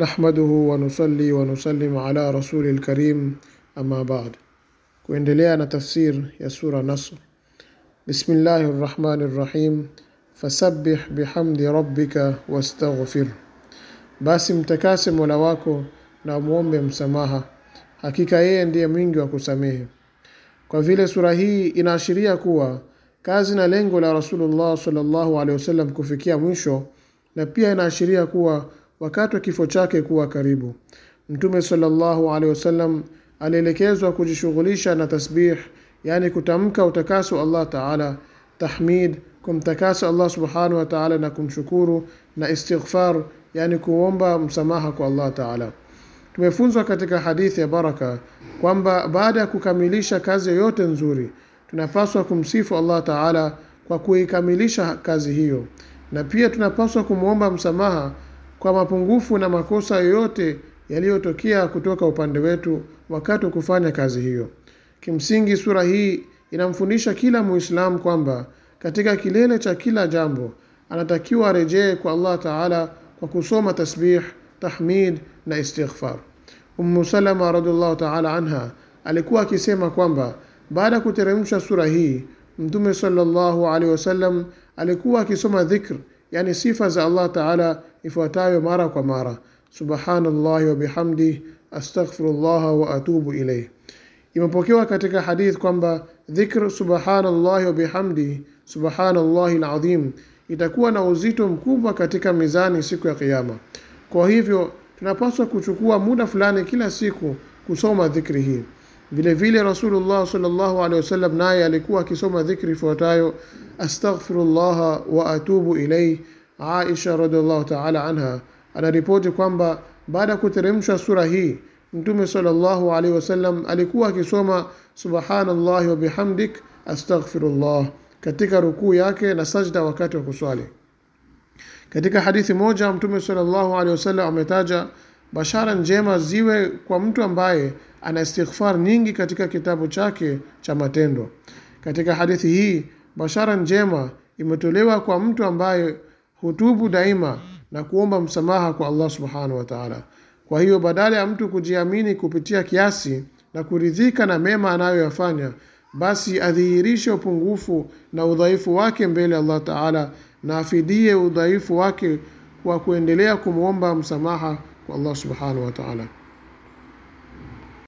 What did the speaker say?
nahmaduhu wa nusalli wa nusallim ala rasulil karim amma Kuendelea na tafsir ya sura Nasr. Bismillahir Rahmanir Rahim. Fasabbih bihamdi rabbika wastaghfir, basi mtakase Mola wako na muombe msamaha, hakika yeye ndiye mwingi wa kusamehe. Kwa vile sura hii inaashiria kuwa kazi na lengo la Rasulullah sallallahu alaihi wasallam kufikia mwisho, na pia inaashiria kuwa wakati wa kifo chake kuwa karibu. Mtume sallallahu alaihi wasallam alielekezwa kujishughulisha na tasbih, yani kutamka utakaso Allah taala, tahmid kumtakasa Allah subhanahu wa taala na kumshukuru, na istighfar, yani kuomba msamaha kwa Allah taala. Tumefunzwa katika hadithi ya Baraka kwamba baada ya kukamilisha kazi yoyote nzuri tunapaswa kumsifu Allah taala kwa kuikamilisha kazi hiyo, na pia tunapaswa kumwomba msamaha kwa mapungufu na makosa yoyote yaliyotokea kutoka upande wetu wakati wa kufanya kazi hiyo. Kimsingi, sura hii inamfundisha kila Muislamu kwamba katika kilele cha kila jambo anatakiwa arejee kwa Allah Taala kwa kusoma tasbih, tahmid na istighfar. Ummu Salama radhiallahu taala anha alikuwa akisema kwamba baada ya kuteremsha sura hii Mtume sallallahu alaihi wasallam alikuwa akisoma dhikr yani sifa za Allah Taala ifuatayo mara kwa mara subhanallahi wa bihamdi astaghfirullah wa atubu ilayh imepokewa katika hadith kwamba dhikr subhanallahi wa bihamdi subhanallahi alazim itakuwa na uzito mkubwa katika mizani siku ya kiyama kwa hivyo tunapaswa kuchukua muda fulani kila siku kusoma dhikri hii vile vile rasulullah sallallahu alaihi wasallam naye alikuwa akisoma dhikri ifuatayo إليه عائشة رضي ilai. تعالى عنها أنا ريبوت anaripoti kwamba baada ya kuteremshwa sura hii Mtume sallallahu alaihi wasallam alikuwa akisoma subhanallahi wa bihamdik astaghfirullah katika rukuu yake na sajda wakati wa kuswali. Katika hadithi moja Mtume sallallahu alaihi wasallam ametaja bashara njema ziwe kwa mtu ambaye ana istighfar nyingi katika kitabu chake cha matendo. Katika hadithi hii Bashara njema imetolewa kwa mtu ambaye hutubu daima na kuomba msamaha kwa Allah subhanahu wa ta'ala. Kwa hiyo badala ya mtu kujiamini kupitia kiasi na kuridhika na mema anayoyafanya, basi adhihirishe upungufu na udhaifu wake mbele Allah Ta'ala na afidie udhaifu wake kwa kuendelea kumwomba msamaha kwa Allah Subhanahu wa Ta'ala.